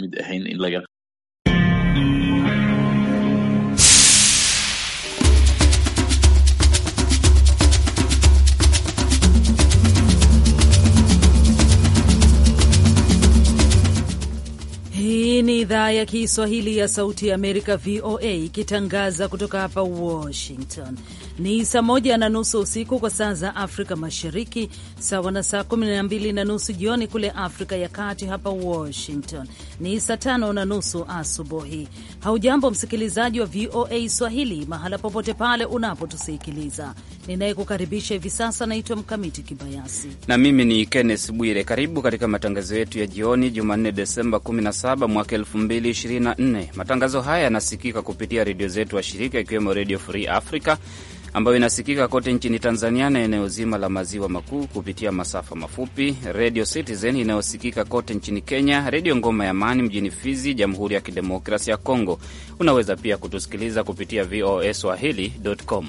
middahayn in laga idhaa ya Kiswahili ya Sauti ya Amerika, VOA, ikitangaza kutoka hapa Washington. Ni saa moja na nusu usiku kwa saa za Afrika Mashariki, sawa na saa kumi na mbili na nusu jioni kule Afrika ya Kati. Hapa Washington ni saa tano na nusu asubuhi. Haujambo msikilizaji wa VOA Swahili, mahala popote pale unapotusikiliza. Ninayekukaribisha hivi sasa naitwa Mkamiti Kibayasi na mimi ni Kenneth Bwire. Karibu katika matangazo yetu ya jioni, Jumanne Desemba 17 mwaka 2024. Matangazo haya yanasikika kupitia redio zetu wa shirika ikiwemo Redio Free Africa ambayo inasikika kote nchini Tanzania na eneo zima la maziwa makuu kupitia masafa mafupi, Redio Citizen inayosikika kote nchini Kenya, Redio Ngoma ya Amani mjini Fizi, Jamhuri ya Kidemokrasia ya Kongo. Unaweza pia kutusikiliza kupitia voa swahili.com.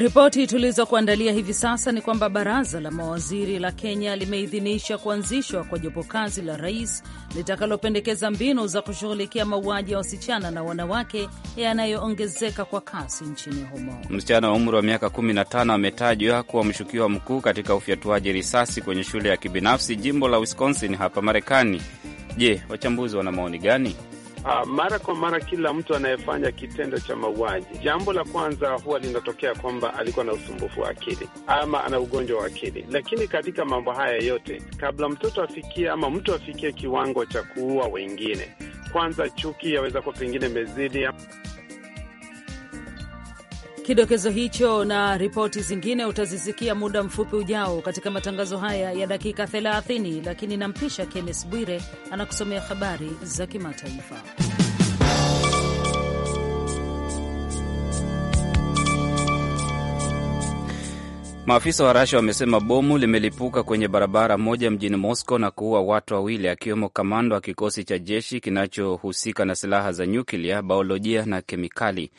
Ripoti tulizokuandalia hivi sasa ni kwamba baraza la mawaziri la Kenya limeidhinisha kuanzishwa kwa jopo kazi la rais litakalopendekeza mbinu za kushughulikia mauaji ya wasichana na wanawake yanayoongezeka kwa kasi nchini humo. Msichana wa umri wa miaka 15 ametajwa kuwa mshukiwa mkuu katika ufyatuaji risasi kwenye shule ya kibinafsi jimbo la Wisconsin hapa Marekani. Je, wachambuzi wana maoni gani? Uh, mara kwa mara kila mtu anayefanya kitendo cha mauaji, jambo la kwanza huwa linatokea kwamba alikuwa na usumbufu wa akili ama ana ugonjwa wa akili. Lakini katika mambo haya yote, kabla mtoto afikie ama mtu afikie kiwango cha kuua wengine, kwanza chuki yaweza kuwa pengine imezidi. Kidokezo hicho na ripoti zingine utazisikia muda mfupi ujao katika matangazo haya ya dakika 30, lakini nampisha Kennes Bwire anakusomea habari za kimataifa. Maafisa wa Rasha wamesema bomu limelipuka kwenye barabara moja mjini Moscow na kuua watu wawili akiwemo kamanda wa kikosi cha jeshi kinachohusika na silaha za nyuklia, biolojia na kemikali.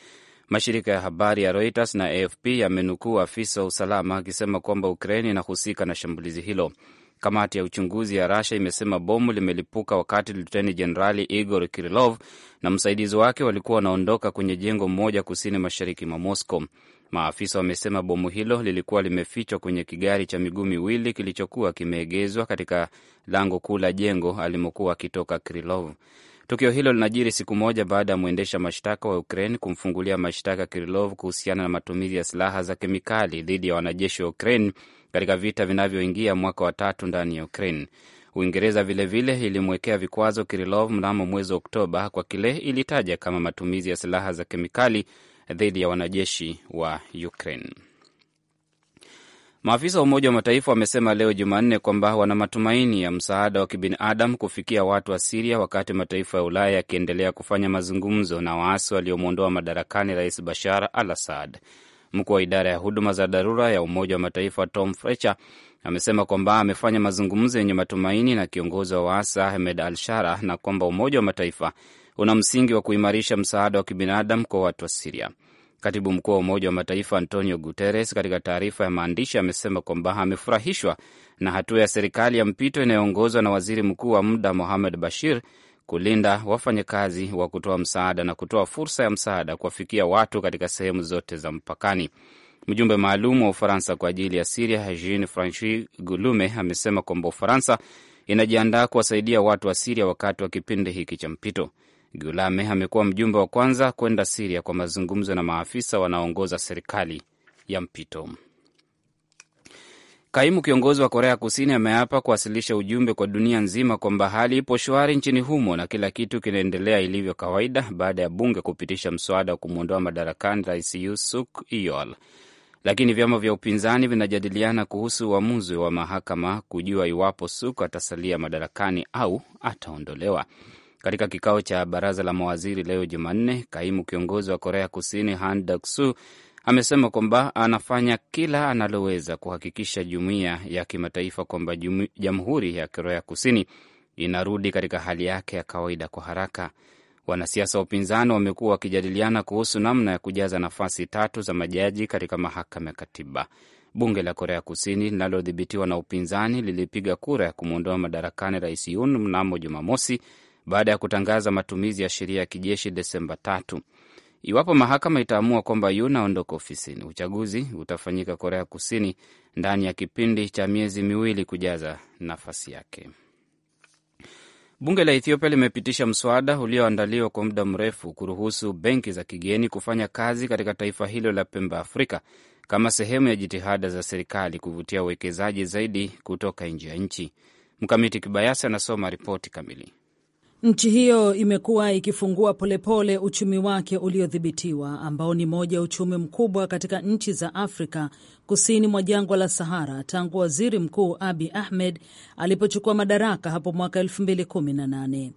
Mashirika ya habari ya Reuters na AFP yamenukuu afisa wa usalama akisema kwamba Ukraine inahusika na shambulizi hilo. Kamati ya uchunguzi ya Rasha imesema bomu limelipuka wakati luteni jenerali Igor Kirilov na msaidizi wake walikuwa wanaondoka kwenye jengo moja kusini mashariki mwa Moscow. Maafisa wamesema bomu hilo lilikuwa limefichwa kwenye kigari cha miguu miwili kilichokuwa kimeegezwa katika lango kuu la jengo alimokuwa akitoka Kirilov. Tukio hilo linajiri siku moja baada ya mwendesha mashtaka wa Ukraine kumfungulia mashtaka Kirilov kuhusiana na matumizi ya silaha za kemikali dhidi ya wanajeshi wa Ukraine katika vita vinavyoingia mwaka wa tatu ndani ya Ukraine. Uingereza vilevile ilimwekea vikwazo Kirilov mnamo mwezi Oktoba kwa kile ilitaja kama matumizi ya silaha za kemikali dhidi ya wanajeshi wa Ukraine. Maafisa wa Umoja wa Mataifa wamesema leo Jumanne kwamba wana matumaini ya msaada wa kibinadamu kufikia watu wa Siria wakati mataifa ya Ulaya yakiendelea kufanya mazungumzo na waasi waliomwondoa madarakani Rais Bashar al Assad. Mkuu wa idara ya huduma za dharura ya Umoja wa Mataifa Tom Fletcher amesema kwamba amefanya mazungumzo yenye matumaini na kiongozi wa waasi Ahmed al Shara na kwamba Umoja wa Mataifa una msingi wa kuimarisha msaada wa kibinadamu kwa watu wa Siria. Katibu mkuu wa Umoja wa Mataifa Antonio Guterres katika taarifa ya maandishi amesema kwamba amefurahishwa na hatua ya serikali ya mpito inayoongozwa na waziri mkuu wa muda Mohamed Bashir kulinda wafanyakazi wa kutoa msaada na kutoa fursa ya msaada kuwafikia watu katika sehemu zote za mpakani. Mjumbe maalum wa Ufaransa kwa ajili ya Siria Jean Franchi Gulume amesema kwamba Ufaransa inajiandaa kuwasaidia watu wa Siria wakati wa kipindi hiki cha mpito. Gulame amekuwa mjumbe wa kwanza kwenda Siria kwa mazungumzo na maafisa wanaoongoza serikali ya mpito. Kaimu kiongozi wa Korea Kusini ameapa kuwasilisha ujumbe kwa dunia nzima kwamba hali ipo shwari nchini humo na kila kitu kinaendelea ilivyo kawaida baada ya bunge kupitisha mswada wa kumwondoa madarakani Rais Yoon Suk Yeol, lakini vyama vya upinzani vinajadiliana kuhusu uamuzi wa mahakama kujua iwapo Suk atasalia madarakani au ataondolewa. Katika kikao cha baraza la mawaziri leo Jumanne, kaimu kiongozi wa Korea Kusini Han Daksu amesema kwamba anafanya kila analoweza kuhakikisha jumuiya ya kimataifa kwamba jamhuri ya Korea Kusini inarudi katika hali yake ya kawaida kwa haraka. Wanasiasa wa upinzani wamekuwa wakijadiliana kuhusu namna ya kujaza nafasi tatu za majaji katika mahakama ya katiba. Bunge la Korea Kusini linalodhibitiwa na upinzani lilipiga kura ya kumwondoa madarakani rais Yoon mnamo Jumamosi baada ya kutangaza matumizi ya sheria ya kijeshi Desemba tatu. Iwapo mahakama itaamua kwamba Yun aondoka ofisini, uchaguzi utafanyika Korea Kusini ndani ya kipindi cha miezi miwili kujaza nafasi yake. Bunge la Ethiopia limepitisha mswada ulioandaliwa kwa muda mrefu kuruhusu benki za kigeni kufanya kazi katika taifa hilo la pembe Afrika kama sehemu ya jitihada za serikali kuvutia uwekezaji zaidi kutoka nje ya nchi. Mkamiti Kibayasi anasoma ripoti kamili. Nchi hiyo imekuwa ikifungua polepole pole uchumi wake uliodhibitiwa ambao ni moja ya uchumi mkubwa katika nchi za Afrika kusini mwa jangwa la Sahara tangu Waziri Mkuu Abi Ahmed alipochukua madaraka hapo mwaka 2018.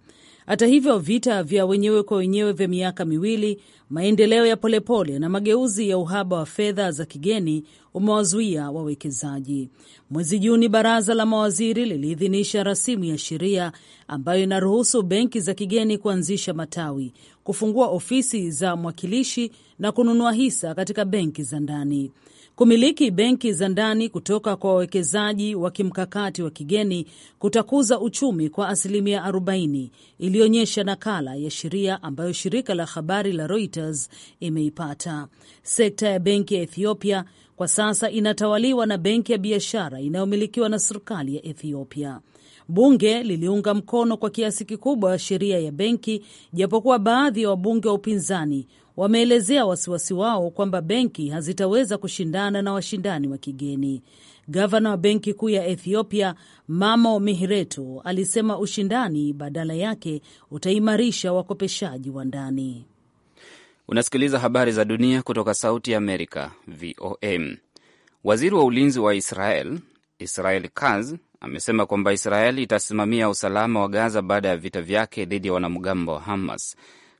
Hata hivyo, vita vya wenyewe kwa wenyewe vya miaka miwili, maendeleo ya polepole na mageuzi ya uhaba wa fedha za kigeni umewazuia wawekezaji. Mwezi Juni, baraza la mawaziri liliidhinisha rasimu ya sheria ambayo inaruhusu benki za kigeni kuanzisha matawi, kufungua ofisi za mwakilishi na kununua hisa katika benki za ndani. Kumiliki benki za ndani kutoka kwa wawekezaji wa kimkakati wa kigeni kutakuza uchumi kwa asilimia 40, ilionyesha nakala ya sheria ambayo shirika la habari la Reuters imeipata. Sekta ya benki ya Ethiopia kwa sasa inatawaliwa na benki ya biashara inayomilikiwa na serikali ya Ethiopia. Bunge liliunga mkono kwa kiasi kikubwa sheria ya benki, japokuwa baadhi ya wabunge wa upinzani wameelezea wasiwasi wao kwamba benki hazitaweza kushindana na washindani wa kigeni. Gavana wa benki kuu ya Ethiopia Mamo Mihretu alisema ushindani badala yake utaimarisha wakopeshaji wa ndani. Unasikiliza habari za dunia kutoka Sauti ya Amerika, VOM. Waziri wa ulinzi wa Israel Israel Katz amesema kwamba Israel itasimamia usalama wa Gaza baada ya vita vyake dhidi ya wanamgambo wa Hamas.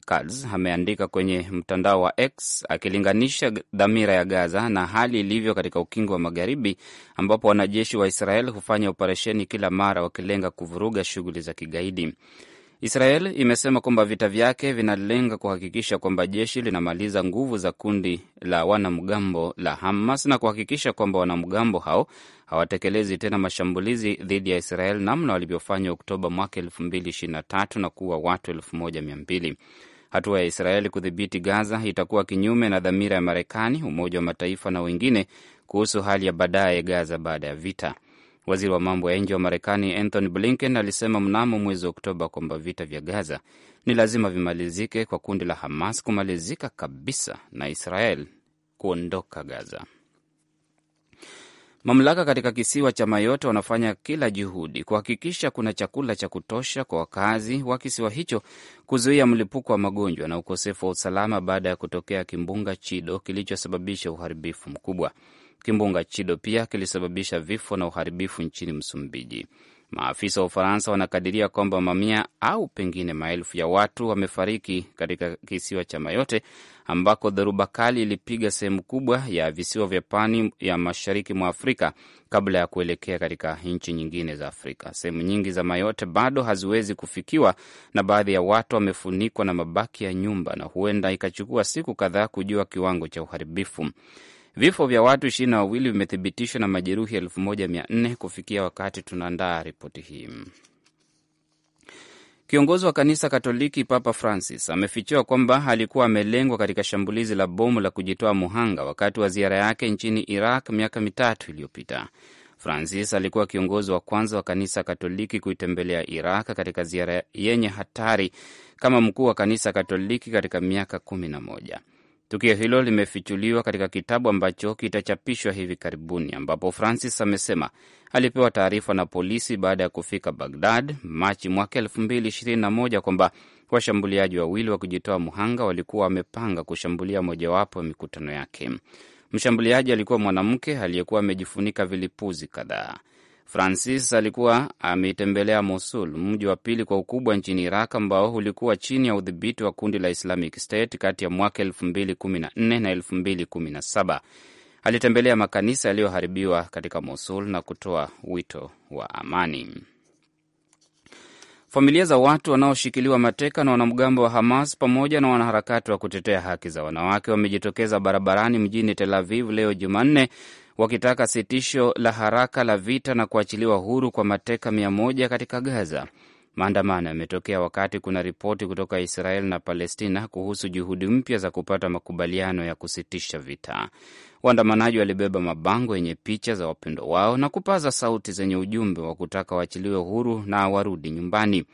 Katz ameandika kwenye mtandao wa X akilinganisha dhamira ya Gaza na hali ilivyo katika ukingo wa Magharibi, ambapo wanajeshi wa Israel hufanya operesheni kila mara wakilenga kuvuruga shughuli za kigaidi. Israel imesema kwamba vita vyake vinalenga kuhakikisha kwamba jeshi linamaliza nguvu za kundi la wanamgambo la Hamas na kuhakikisha kwamba wanamgambo hao hawatekelezi tena mashambulizi dhidi ya Israel namna walivyofanya Oktoba mwaka 2023 na kuua watu 1200. Hatua ya Israeli kudhibiti Gaza itakuwa kinyume na dhamira ya Marekani, Umoja wa Mataifa na wengine kuhusu hali ya baadaye Gaza baada ya vita. Waziri wa mambo ya nje wa Marekani Anthony Blinken alisema mnamo mwezi Oktoba kwamba vita vya Gaza ni lazima vimalizike kwa kundi la Hamas kumalizika kabisa na Israel kuondoka Gaza. Mamlaka katika kisiwa cha Mayotte wanafanya kila juhudi kuhakikisha kuna chakula cha kutosha kwa wakazi wa kisiwa hicho, kuzuia mlipuko wa magonjwa na ukosefu wa usalama baada ya kutokea kimbunga Chido kilichosababisha uharibifu mkubwa. Kimbunga Chido pia kilisababisha vifo na uharibifu nchini Msumbiji. Maafisa wa Ufaransa wanakadiria kwamba mamia au pengine maelfu ya watu wamefariki katika kisiwa cha Mayotte ambako dhoruba kali ilipiga sehemu kubwa ya visiwa vya pwani ya mashariki mwa Afrika kabla ya kuelekea katika nchi nyingine za Afrika. Sehemu nyingi za Mayotte bado haziwezi kufikiwa na baadhi ya watu wamefunikwa na mabaki ya nyumba, na huenda ikachukua siku kadhaa kujua kiwango cha uharibifu. Vifo vya watu ishirini na wawili vimethibitishwa na majeruhi elfu moja mia nne kufikia wakati tunaandaa ripoti hii. Kiongozi wa kanisa Katoliki Papa Francis amefichiwa kwamba alikuwa amelengwa katika shambulizi la bomu la kujitoa muhanga wakati wa ziara yake nchini Iraq miaka mitatu iliyopita. Francis alikuwa kiongozi wa kwanza wa kanisa Katoliki kuitembelea Iraq katika ziara yenye hatari kama mkuu wa kanisa Katoliki katika miaka kumi na moja. Tukio hilo limefichuliwa katika kitabu ambacho kitachapishwa hivi karibuni, ambapo Francis amesema alipewa taarifa na polisi baada ya kufika Bagdad Machi mwaka 2021 kwamba washambuliaji wawili wa kujitoa mhanga walikuwa wamepanga kushambulia mojawapo ya mikutano yake. Mshambuliaji alikuwa mwanamke aliyekuwa amejifunika vilipuzi kadhaa. Francis alikuwa ametembelea Mosul, mji wa pili kwa ukubwa nchini Iraq, ambao ulikuwa chini ya udhibiti wa kundi la Islamic State kati ya mwaka 2014 na 2017. Alitembelea makanisa yaliyoharibiwa katika Mosul na kutoa wito wa amani. Familia za watu wanaoshikiliwa mateka na wanamgambo wa Hamas pamoja na wanaharakati wa kutetea haki za wanawake wamejitokeza barabarani mjini Tel Aviv leo Jumanne wakitaka sitisho la haraka la vita na kuachiliwa huru kwa mateka mia moja katika Gaza. Maandamano yametokea wakati kuna ripoti kutoka Israel na Palestina kuhusu juhudi mpya za kupata makubaliano ya kusitisha vita. Waandamanaji walibeba mabango yenye picha za wapendo wao na kupaza sauti zenye ujumbe wa kutaka waachiliwe huru na warudi nyumbani.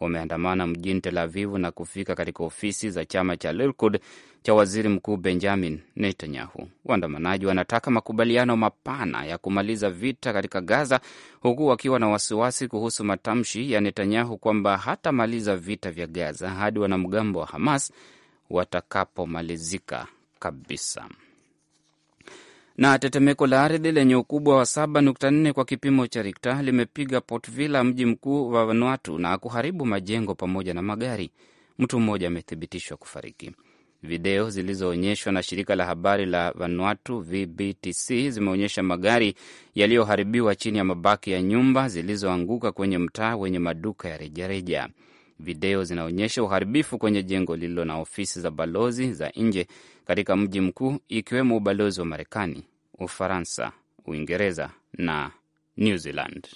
Wameandamana mjini Tel Avivu na kufika katika ofisi za chama cha Likud cha waziri mkuu Benjamin Netanyahu. Waandamanaji wanataka makubaliano mapana ya kumaliza vita katika Gaza, huku wakiwa na wasiwasi kuhusu matamshi ya Netanyahu kwamba hatamaliza vita vya Gaza hadi wanamgambo wa Hamas watakapomalizika kabisa. Na tetemeko la ardhi lenye ukubwa wa 7.4 kwa kipimo cha Rikta limepiga Port Vila, mji mkuu wa Vanuatu, na kuharibu majengo pamoja na magari. Mtu mmoja amethibitishwa kufariki. Video zilizoonyeshwa na shirika la habari la Vanuatu VBTC zimeonyesha magari yaliyoharibiwa chini ya mabaki ya nyumba zilizoanguka kwenye mtaa wenye maduka ya rejareja. Video zinaonyesha uharibifu kwenye jengo lililo na ofisi za balozi za nje katika mji mkuu, ikiwemo ubalozi wa Marekani, Ufaransa, Uingereza na New Zealand.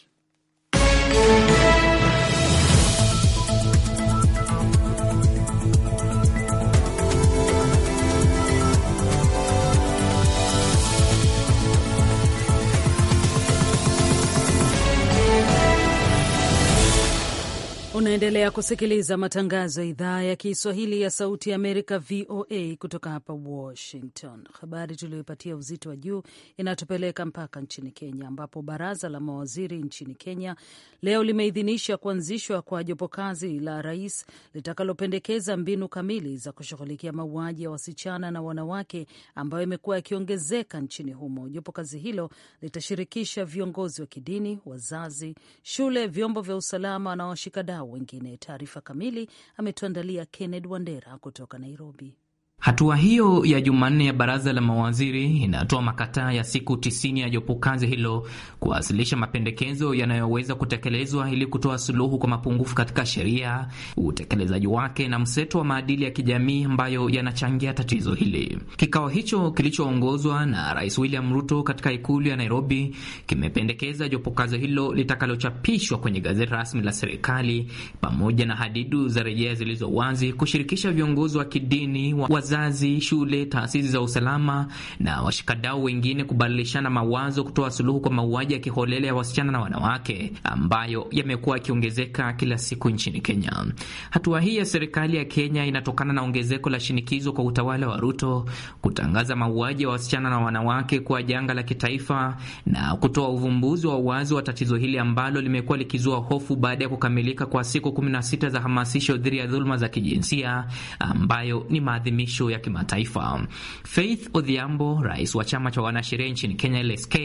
Unaendelea kusikiliza matangazo ya idhaa ya Kiswahili ya Sauti ya Amerika, VOA, kutoka hapa Washington. Habari tuliyoipatia uzito wa juu inatupeleka mpaka nchini Kenya, ambapo baraza la mawaziri nchini Kenya leo limeidhinisha kuanzishwa kwa jopo kazi la rais litakalopendekeza mbinu kamili za kushughulikia mauaji ya wasichana na wanawake ambayo imekuwa yakiongezeka nchini humo. Jopo kazi hilo litashirikisha viongozi wa kidini, wazazi, shule, vyombo vya usalama na washikadau wadau wengine. Taarifa kamili ametuandalia Kenneth Wandera kutoka Nairobi. Hatua hiyo ya Jumanne ya baraza la mawaziri inatoa makataa ya siku tisini ya jopo kazi hilo kuwasilisha mapendekezo yanayoweza kutekelezwa ili kutoa suluhu kwa mapungufu katika sheria, utekelezaji wake na mseto wa maadili ya kijamii ambayo yanachangia tatizo hili. Kikao hicho kilichoongozwa na Rais William Ruto katika ikulu ya Nairobi kimependekeza jopo kazi hilo litakalochapishwa kwenye gazeti rasmi la serikali pamoja na hadidu za rejea zilizo wazi kushirikisha viongozi wa kidini wa wazazi, shule, taasisi za usalama na washikadau wengine kubadilishana mawazo, kutoa suluhu kwa mauaji ya kiholela ya wasichana na wanawake ambayo yamekuwa yakiongezeka kila siku nchini Kenya. Hatua hii ya serikali ya Kenya inatokana na ongezeko la shinikizo kwa utawala wa Ruto kutangaza mauaji ya wasichana na wanawake kuwa janga la kitaifa na kutoa uvumbuzi wa uwazi wa tatizo hili ambalo limekuwa likizua hofu baada ya kukamilika kwa siku 16 za hamasisho dhidi ya dhuluma za kijinsia ambayo ni maadhimisho malisho ya kimataifa. Faith Odhiambo, rais wa chama cha wanasheria nchini Kenya LSK,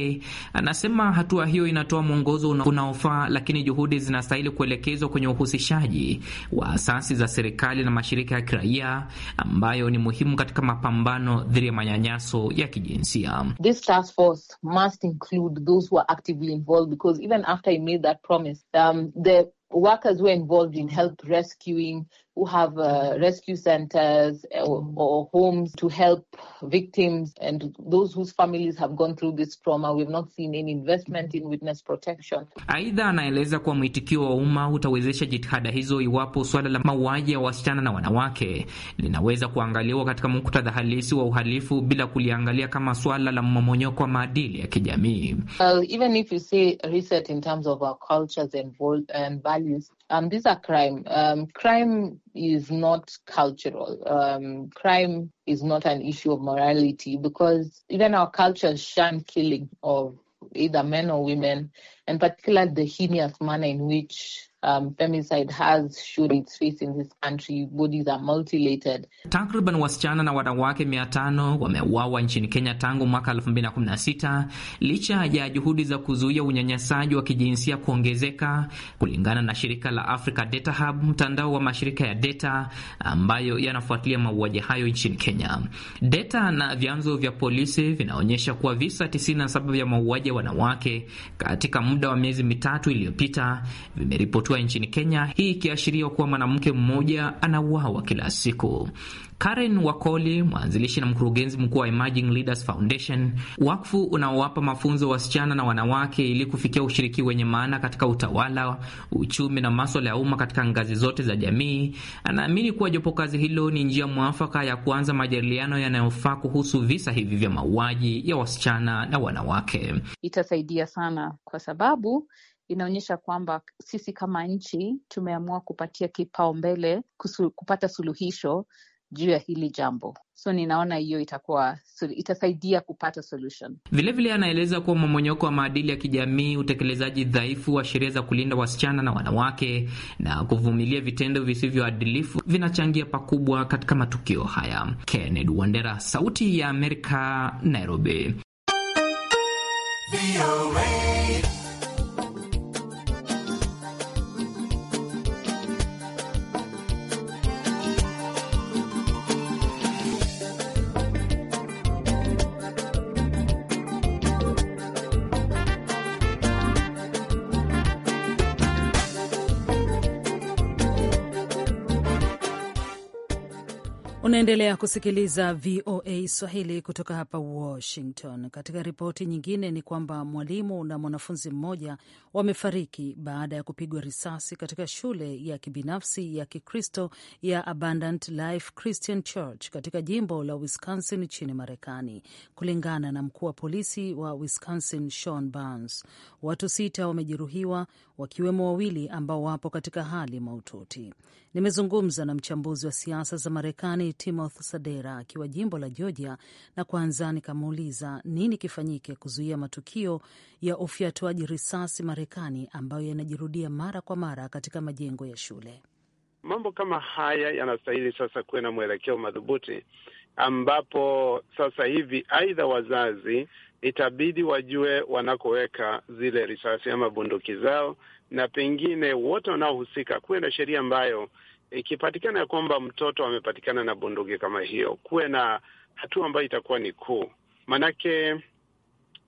anasema hatua hiyo inatoa mwongozo unaofaa, lakini juhudi zinastahili kuelekezwa kwenye uhusishaji wa asasi za serikali na mashirika ya kiraia ambayo ni muhimu katika mapambano dhidi ya manyanyaso ya kijinsia. This task force must include those who are actively involved because even after made that promise, um, the workers were involved in help rescuing who have uh, rescue centers or, uh, or, homes to help victims and those whose families have gone through this trauma. We've not seen any investment in witness protection. Aidha, anaeleza kuwa mwitikio wa umma hutawezesha jitihada hizo iwapo swala la mauaji ya wasichana na wanawake linaweza kuangaliwa katika muktadha halisi wa uhalifu bila kuliangalia kama swala la mmomonyoko wa maadili ya kijamii. Well, even if you say reset in terms of our cultures and, and values, um, these are crime. Um, crime is not cultural. Um, crime is not an issue of morality because even our culture shun killing of either men or women, and particularly the heinous manner in which Um, femicide has shown its face in this country. Bodies are mutilated. Takriban wasichana na wanawake mia tano wameuawa nchini Kenya tangu mwaka 2016 licha ya juhudi za kuzuia unyanyasaji wa kijinsia kuongezeka, kulingana na shirika la Africa Data Hub, mtandao wa mashirika ya data ambayo yanafuatilia mauaji hayo nchini Kenya. Data na vyanzo vya polisi vinaonyesha kuwa visa 97 vya mauaji ya wanawake katika muda wa miezi mitatu iliyopita vimeripotiwa hatua nchini Kenya, hii ikiashiria kuwa mwanamke mmoja anauawa kila siku. Karen Wakoli, mwanzilishi na mkurugenzi mkuu wa Emerging Leaders Foundation, wakfu unaowapa mafunzo wasichana na wanawake ili kufikia ushiriki wenye maana katika utawala, uchumi na maswala ya umma katika ngazi zote za jamii, anaamini kuwa jopo kazi hilo ni njia mwafaka ya kuanza majadiliano yanayofaa kuhusu visa hivi vya mauaji ya wasichana na wanawake. Itasaidia sana kwa sababu inaonyesha kwamba sisi kama nchi tumeamua kupatia kipaumbele kupata suluhisho juu ya hili jambo. So ninaona hiyo itakuwa itasaidia kupata solution. Vilevile anaeleza kuwa mmonyoko wa maadili ya kijamii, utekelezaji dhaifu wa sheria za kulinda wasichana na wanawake na kuvumilia vitendo visivyoadilifu vinachangia pakubwa katika matukio haya. Kennedy Wandera, Sauti ya Amerika, Nairobi. Unaendelea kusikiliza VOA Swahili kutoka hapa Washington. Katika ripoti nyingine ni kwamba mwalimu na mwanafunzi mmoja wamefariki baada ya kupigwa risasi katika shule ya kibinafsi ya Kikristo ya Abundant Life Christian Church katika jimbo la Wisconsin nchini Marekani, kulingana na mkuu wa polisi wa Wisconsin Sean Burns. Watu sita wamejeruhiwa, wakiwemo wawili ambao wapo katika hali mahututi. Nimezungumza na mchambuzi wa siasa za Marekani Timothy Sadera akiwa jimbo la Georgia, na kwanza nikamuuliza nini kifanyike kuzuia matukio ya ufyatuaji risasi Marekani ambayo yanajirudia mara kwa mara katika majengo ya shule. Mambo kama haya yanastahili sasa kuwe na mwelekeo madhubuti, ambapo sasa hivi aidha wazazi itabidi wajue wanakoweka zile risasi ama bunduki zao, na pengine wote wanaohusika, kuwe na sheria ambayo ikipatikana ya kwamba mtoto amepatikana na bunduki kama hiyo, kuwe na hatua ambayo itakuwa ni kuu, manake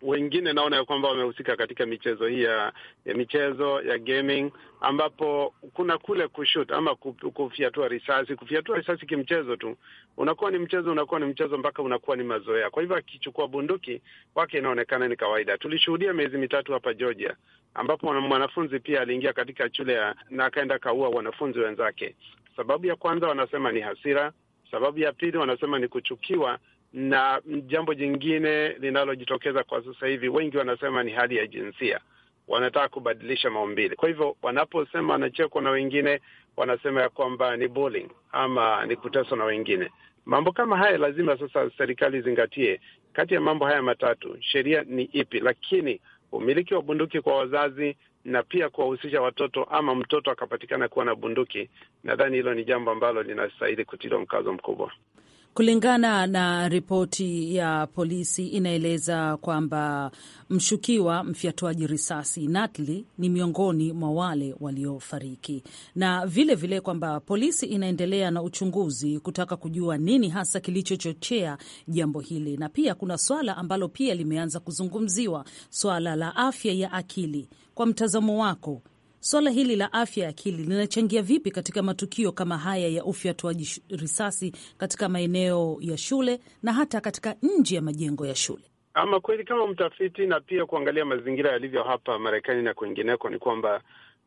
wengine naona ya kwamba wamehusika katika michezo hii ya, ya michezo ya gaming, ambapo kuna kule kushut ama kufyatua risasi. Kufyatua risasi kimchezo tu, unakuwa ni mchezo, unakuwa ni mchezo mpaka unakuwa ni mazoea. Kwa hivyo akichukua bunduki kwake inaonekana ni kawaida. Tulishuhudia miezi mitatu hapa Georgia, ambapo mwanafunzi pia aliingia katika shule na akaenda kaua wanafunzi wenzake. Sababu ya kwanza wanasema ni hasira, sababu ya pili wanasema ni kuchukiwa na jambo jingine linalojitokeza kwa sasa hivi, wengi wanasema ni hali ya jinsia, wanataka kubadilisha maumbile. Kwa hivyo wanaposema wanachekwa na wengine, wanasema ya kwamba ni bullying ama ni kuteswa na wengine. Mambo kama haya lazima sasa serikali izingatie. Kati ya mambo haya matatu, sheria ni ipi? Lakini umiliki wa bunduki kwa wazazi na pia kuwahusisha watoto ama mtoto akapatikana kuwa na bunduki, nadhani hilo ni jambo ambalo linastahili kutiliwa mkazo mkubwa. Kulingana na ripoti ya polisi inaeleza kwamba mshukiwa mfyatuaji risasi Natli ni miongoni mwa wale waliofariki, na vilevile kwamba polisi inaendelea na uchunguzi kutaka kujua nini hasa kilichochochea jambo hili. Na pia kuna swala ambalo pia limeanza kuzungumziwa, swala la afya ya akili. Kwa mtazamo wako, Swala hili la afya ya akili linachangia vipi katika matukio kama haya ya ufyatuaji risasi katika maeneo ya shule na hata katika nje ya majengo ya shule? Ama kweli kama mtafiti na pia kuangalia mazingira yalivyo hapa Marekani na kwingineko, ni kwamba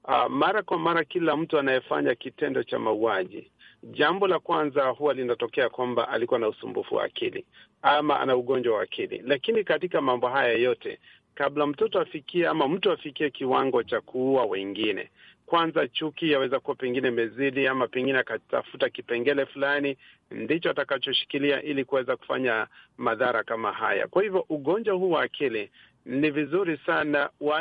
uh, mara kwa mara kila mtu anayefanya kitendo cha mauaji, jambo la kwanza huwa linatokea kwamba alikuwa na usumbufu wa akili ama ana ugonjwa wa akili. Lakini katika mambo haya yote kabla mtoto afikie ama mtu afikie kiwango cha kuua wengine. Kwanza chuki yaweza kuwa pengine imezidi, ama pengine akatafuta kipengele fulani ndicho atakachoshikilia ili kuweza kufanya madhara kama haya. Kwa hivyo ugonjwa huu wa akili ni vizuri sana uh,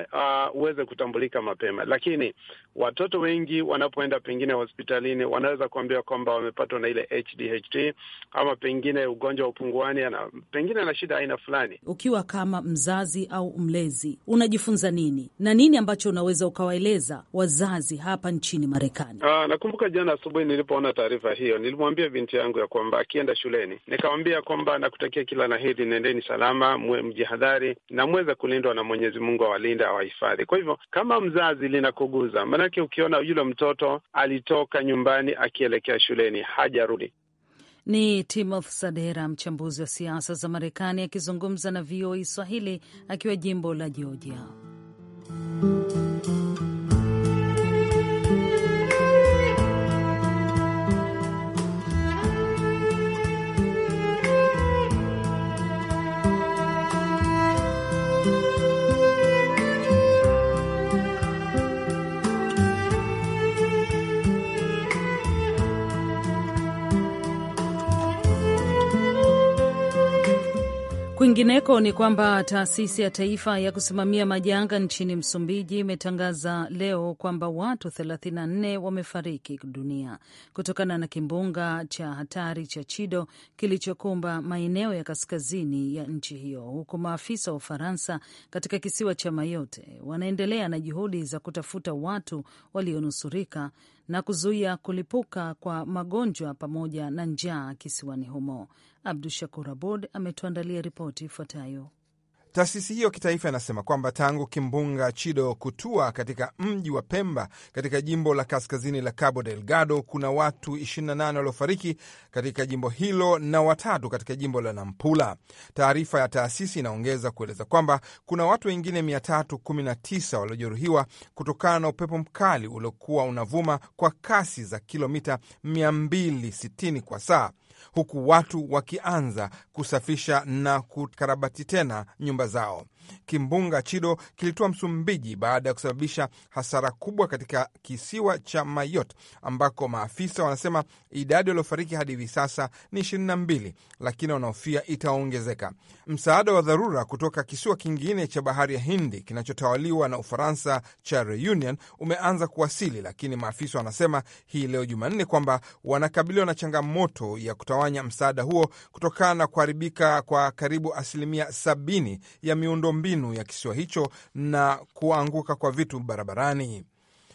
uweze uh, kutambulika mapema, lakini watoto wengi wanapoenda pengine hospitalini wanaweza kuambia kwamba wamepatwa na ile HDHD ama pengine ugonjwa wa upunguani, na pengine ana shida aina fulani. Ukiwa kama mzazi au mlezi, unajifunza nini na nini ambacho unaweza ukawaeleza wazazi hapa nchini Marekani? Aa, ah, nakumbuka jana asubuhi nilipoona taarifa hiyo, nilimwambia binti yangu ya kwamba akienda shuleni, nikamwambia kwamba nakutakia kila la heri, nendeni salama, mwe mjihadhari na mweze kulindwa na Mwenyezi Mungu awalinde, awahifadhi. Kwa hivyo kama mzazi linakuguza Maanake ukiona yule mtoto alitoka nyumbani akielekea shuleni, hajarudi. Ni Timothy Sadera, mchambuzi wa siasa za Marekani, akizungumza na VOA Swahili akiwa jimbo la Georgia. Kwingineko ni kwamba taasisi ya taifa ya kusimamia majanga nchini Msumbiji imetangaza leo kwamba watu 34 wamefariki dunia kutokana na kimbunga cha hatari cha Chido kilichokumba maeneo ya kaskazini ya nchi hiyo, huku maafisa wa Ufaransa katika kisiwa cha Mayotte wanaendelea na juhudi za kutafuta watu walionusurika na kuzuia kulipuka kwa magonjwa pamoja na njaa kisiwani humo. Abdu Shakur Abod ametuandalia ripoti ifuatayo. Taasisi hiyo kitaifa inasema kwamba tangu kimbunga Chido kutua katika mji wa Pemba katika jimbo la kaskazini la Cabo Delgado, kuna watu 28 waliofariki katika jimbo hilo na watatu katika jimbo la Nampula. Taarifa ya taasisi inaongeza kueleza kwamba kuna watu wengine 319 waliojeruhiwa kutokana na upepo mkali uliokuwa unavuma kwa kasi za kilomita 260 kwa saa, huku watu wakianza kusafisha na kukarabati tena nyumba nyumba zao. Kimbunga Chido kilitua Msumbiji baada ya kusababisha hasara kubwa katika kisiwa cha Mayotte, ambako maafisa wanasema idadi waliofariki hadi hivi sasa ni 22 lakini wanaofia itaongezeka. Msaada wa dharura kutoka kisiwa kingine cha bahari ya Hindi kinachotawaliwa na Ufaransa cha Reunion umeanza kuwasili, lakini maafisa wanasema hii leo Jumanne kwamba wanakabiliwa na changamoto ya kutawanya msaada huo kutokana na kuharibika kwa karibu asilimia 70 ya miundo miundombinu ya kisiwa hicho na kuanguka kwa vitu barabarani.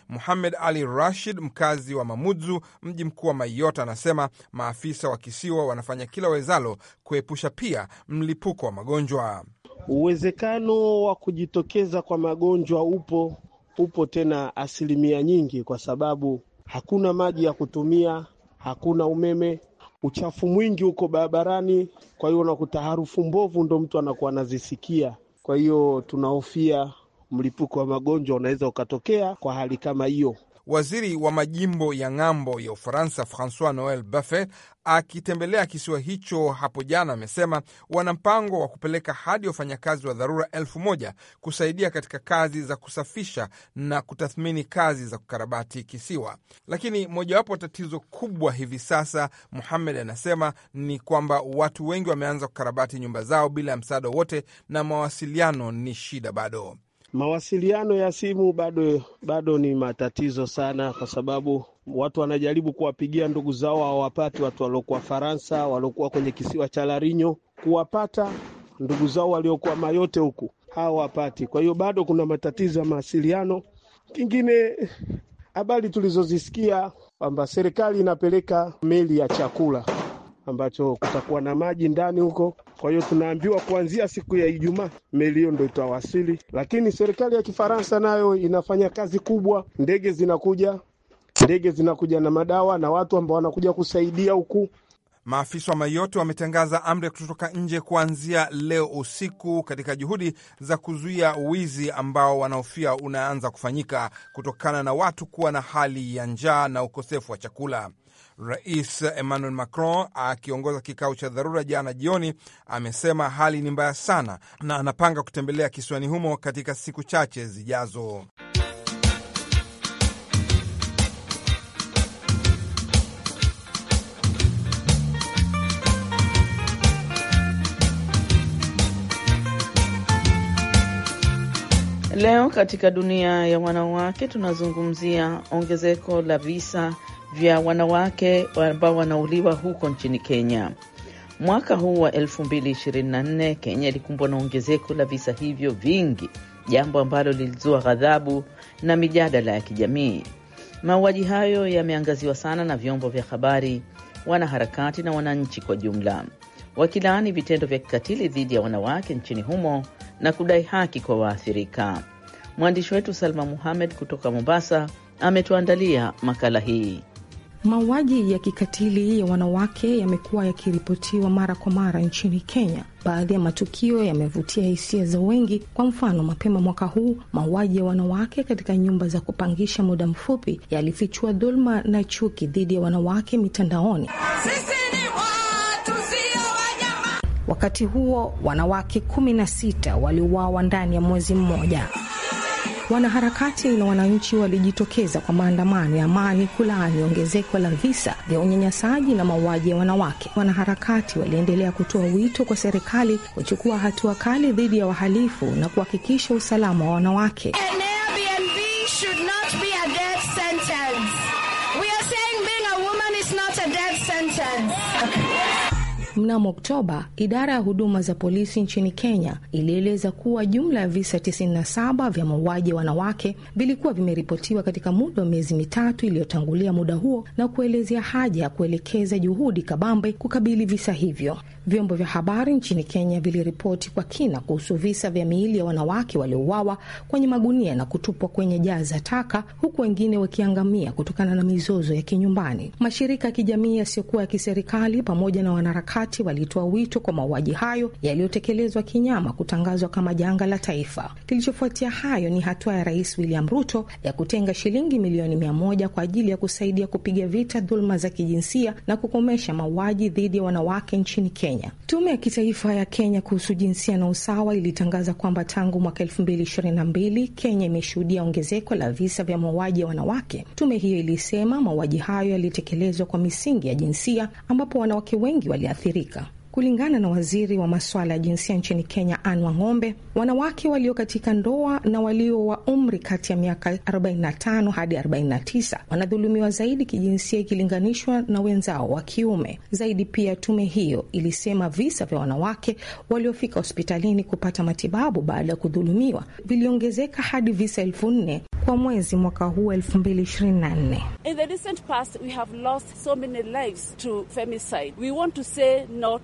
Muhamed Ali Rashid, mkazi wa Mamudzu, mji mkuu wa Maiota, anasema maafisa wa kisiwa wanafanya kila wezalo kuepusha pia mlipuko wa magonjwa. Uwezekano wa kujitokeza kwa magonjwa upo, upo tena asilimia nyingi, kwa sababu hakuna maji ya kutumia, hakuna umeme, uchafu mwingi uko barabarani. Kwa hiyo unakuta harufu mbovu ndo mtu anakuwa anazisikia kwa hiyo tunahofia mlipuko wa magonjwa unaweza ukatokea kwa hali kama hiyo waziri wa majimbo ya ng'ambo ya Ufaransa Francois Noel Buffet akitembelea kisiwa hicho hapo jana amesema wana mpango wa kupeleka hadi wafanyakazi wa dharura elfu moja kusaidia katika kazi za kusafisha na kutathmini kazi za kukarabati kisiwa. Lakini mojawapo tatizo kubwa hivi sasa, Muhamed anasema ni kwamba watu wengi wameanza kukarabati nyumba zao bila ya msaada wowote, na mawasiliano ni shida bado. Mawasiliano ya simu bado bado ni matatizo sana, kwa sababu watu wanajaribu kuwapigia ndugu zao hawapati. Watu waliokuwa Faransa, waliokuwa kwenye kisiwa cha Larinyo, kuwapata ndugu zao waliokuwa Mayote huku hawapati. Kwa hiyo bado kuna matatizo ya mawasiliano. Kingine, habari tulizozisikia kwamba serikali inapeleka meli ya chakula ambacho kutakuwa na maji ndani huko, kwa hiyo tunaambiwa kuanzia siku ya Ijumaa meli hiyo ndo itawasili, lakini serikali ya Kifaransa nayo inafanya kazi kubwa, ndege zinakuja, ndege zinakuja na madawa na watu ambao wanakuja kusaidia huku. Maafisa wa Mayotte wametangaza amri ya kutotoka nje kuanzia leo usiku katika juhudi za kuzuia wizi ambao wanaofia unaanza kufanyika kutokana na watu kuwa na hali ya njaa na ukosefu wa chakula. Rais Emmanuel Macron akiongoza kikao cha dharura jana jioni, amesema hali ni mbaya sana na anapanga kutembelea kisiwani humo katika siku chache zijazo. Leo katika dunia ya wanawake tunazungumzia ongezeko la visa vya wanawake ambao wanauliwa huko nchini Kenya. Mwaka huu wa 2024 Kenya ilikumbwa na ongezeko la visa hivyo vingi, jambo ambalo lilizua ghadhabu na mijadala ya kijamii. Mauaji hayo yameangaziwa sana na vyombo vya habari, wanaharakati na wananchi kwa jumla, wakilaani vitendo vya kikatili dhidi ya wanawake nchini humo na kudai haki kwa waathirika. Mwandishi wetu Salma Muhamed kutoka Mombasa ametuandalia makala hii. Mauaji ya kikatili ya wanawake yamekuwa yakiripotiwa mara kwa mara nchini Kenya. Baadhi ya matukio yamevutia hisia za wengi. Kwa mfano, mapema mwaka huu mauaji ya wanawake katika nyumba za kupangisha muda mfupi yalifichua dhuluma na chuki dhidi ya wanawake mitandaoni. Wakati huo wanawake kumi na sita waliuawa ndani ya mwezi mmoja wanaharakati na wananchi walijitokeza kwa maandamano ya amani kulaani ongezeko la visa vya unyanyasaji na mauaji ya wanawake. Wanaharakati waliendelea kutoa wito kwa serikali kuchukua hatua kali dhidi ya wahalifu na kuhakikisha usalama wa wanawake Ene! Mnamo Oktoba, idara ya huduma za polisi nchini Kenya ilieleza kuwa jumla ya visa 97 vya mauaji ya wanawake vilikuwa vimeripotiwa katika muda wa miezi mitatu iliyotangulia muda huo, na kuelezea haja ya kuelekeza juhudi kabambe kukabili visa hivyo. Vyombo vya habari nchini Kenya viliripoti kwa kina kuhusu visa vya miili ya wanawake waliouawa kwenye magunia na kutupwa kwenye jaa za taka, huku wengine wakiangamia kutokana na mizozo ya kinyumbani. Mashirika ya kijamii yasiyokuwa ya kiserikali pamoja na wanaharakati walitoa wito kwa mauaji hayo yaliyotekelezwa kinyama kutangazwa kama janga la taifa. Kilichofuatia hayo ni hatua ya Rais William Ruto ya kutenga shilingi milioni mia moja kwa ajili ya kusaidia kupiga vita dhuluma za kijinsia na kukomesha mauaji dhidi ya wanawake nchini Kenya. Kenya. Tume ya kitaifa ya Kenya kuhusu jinsia na usawa ilitangaza kwamba tangu mwaka elfu Kenya imeshuhudia ongezeko la visa vya mauaji ya wanawake. Tume hiyo ilisema mauaji hayo yalitekelezwa kwa misingi ya jinsia, ambapo wanawake wengi waliathirika. Kulingana na waziri wa masuala ya jinsia nchini Kenya, Anne Wang'ombe, wanawake walio katika ndoa na walio wa umri kati ya miaka 45 hadi 49 wanadhulumiwa zaidi kijinsia ikilinganishwa na wenzao wa kiume zaidi. Pia tume hiyo ilisema visa vya wanawake waliofika hospitalini kupata matibabu baada ya kudhulumiwa viliongezeka hadi visa elfu nne kwa mwezi mwaka huu 2024.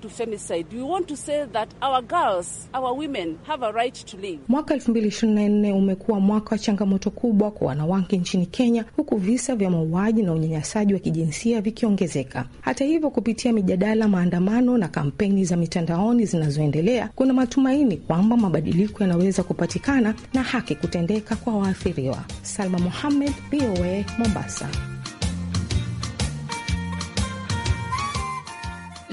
to femicide. We want to say that our girls, our women have a right to live. Mwaka 2024 umekuwa mwaka wa changamoto kubwa kwa wanawake nchini Kenya, huku visa vya mauaji na unyanyasaji wa kijinsia vikiongezeka. Hata hivyo, kupitia mijadala, maandamano na kampeni za mitandaoni zinazoendelea, kuna matumaini kwamba mabadiliko yanaweza kupatikana na haki kutendeka kwa waathiriwa. Salma Mohamed, VOA, Mombasa.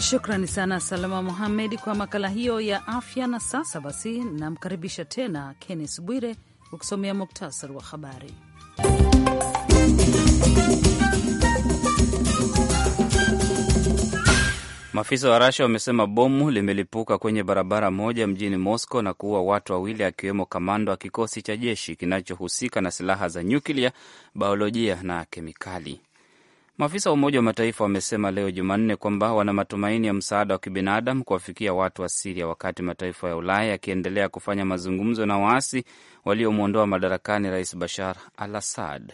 Shukrani sana Salama Muhamedi kwa makala hiyo ya afya. Na sasa basi, namkaribisha tena Kennes Bwire ukisomea muktasari wa habari. Maafisa wa Rasha wamesema bomu limelipuka kwenye barabara moja mjini Moscow na kuua watu wawili, akiwemo kamanda wa kikosi cha jeshi kinachohusika na silaha za nyuklia, biolojia na kemikali. Maafisa wa Umoja wa Mataifa wamesema leo Jumanne kwamba wana matumaini ya msaada wa kibinadamu kuwafikia watu wa Siria, wakati mataifa ya Ulaya yakiendelea kufanya mazungumzo na waasi waliomwondoa madarakani Rais Bashar al Assad.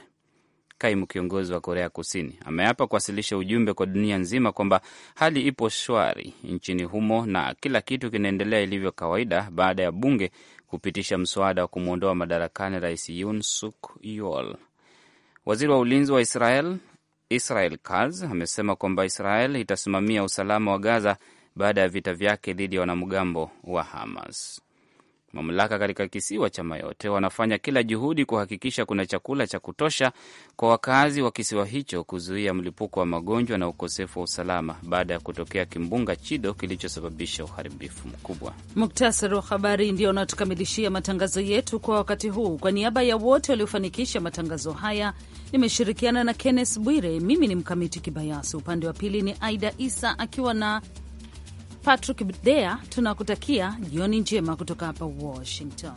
Kaimu kiongozi wa Korea Kusini ameapa kuwasilisha ujumbe kwa dunia nzima kwamba hali ipo shwari nchini humo na kila kitu kinaendelea ilivyo kawaida baada ya bunge kupitisha mswada wa kumwondoa madarakani Rais Yoon Suk Yeol. Waziri wa ulinzi wa Israel Israel Katz amesema kwamba Israel itasimamia usalama wa Gaza baada ya vita vyake dhidi ya wanamgambo wa Hamas. Mamlaka katika kisiwa cha Mayotte wanafanya kila juhudi kuhakikisha kuna chakula cha kutosha kwa wakazi wa kisiwa hicho kuzuia mlipuko wa magonjwa na ukosefu wa usalama baada ya kutokea kimbunga Chido kilichosababisha uharibifu mkubwa. Muktasari wa habari ndio unatukamilishia matangazo yetu kwa wakati huu. Kwa niaba ya wote waliofanikisha matangazo haya, nimeshirikiana na Kenneth Bwire. Mimi ni Mkamiti Kibayasi, upande wa pili ni Aida Isa akiwa na Patrick Bdea tunakutakia jioni njema kutoka hapa Washington.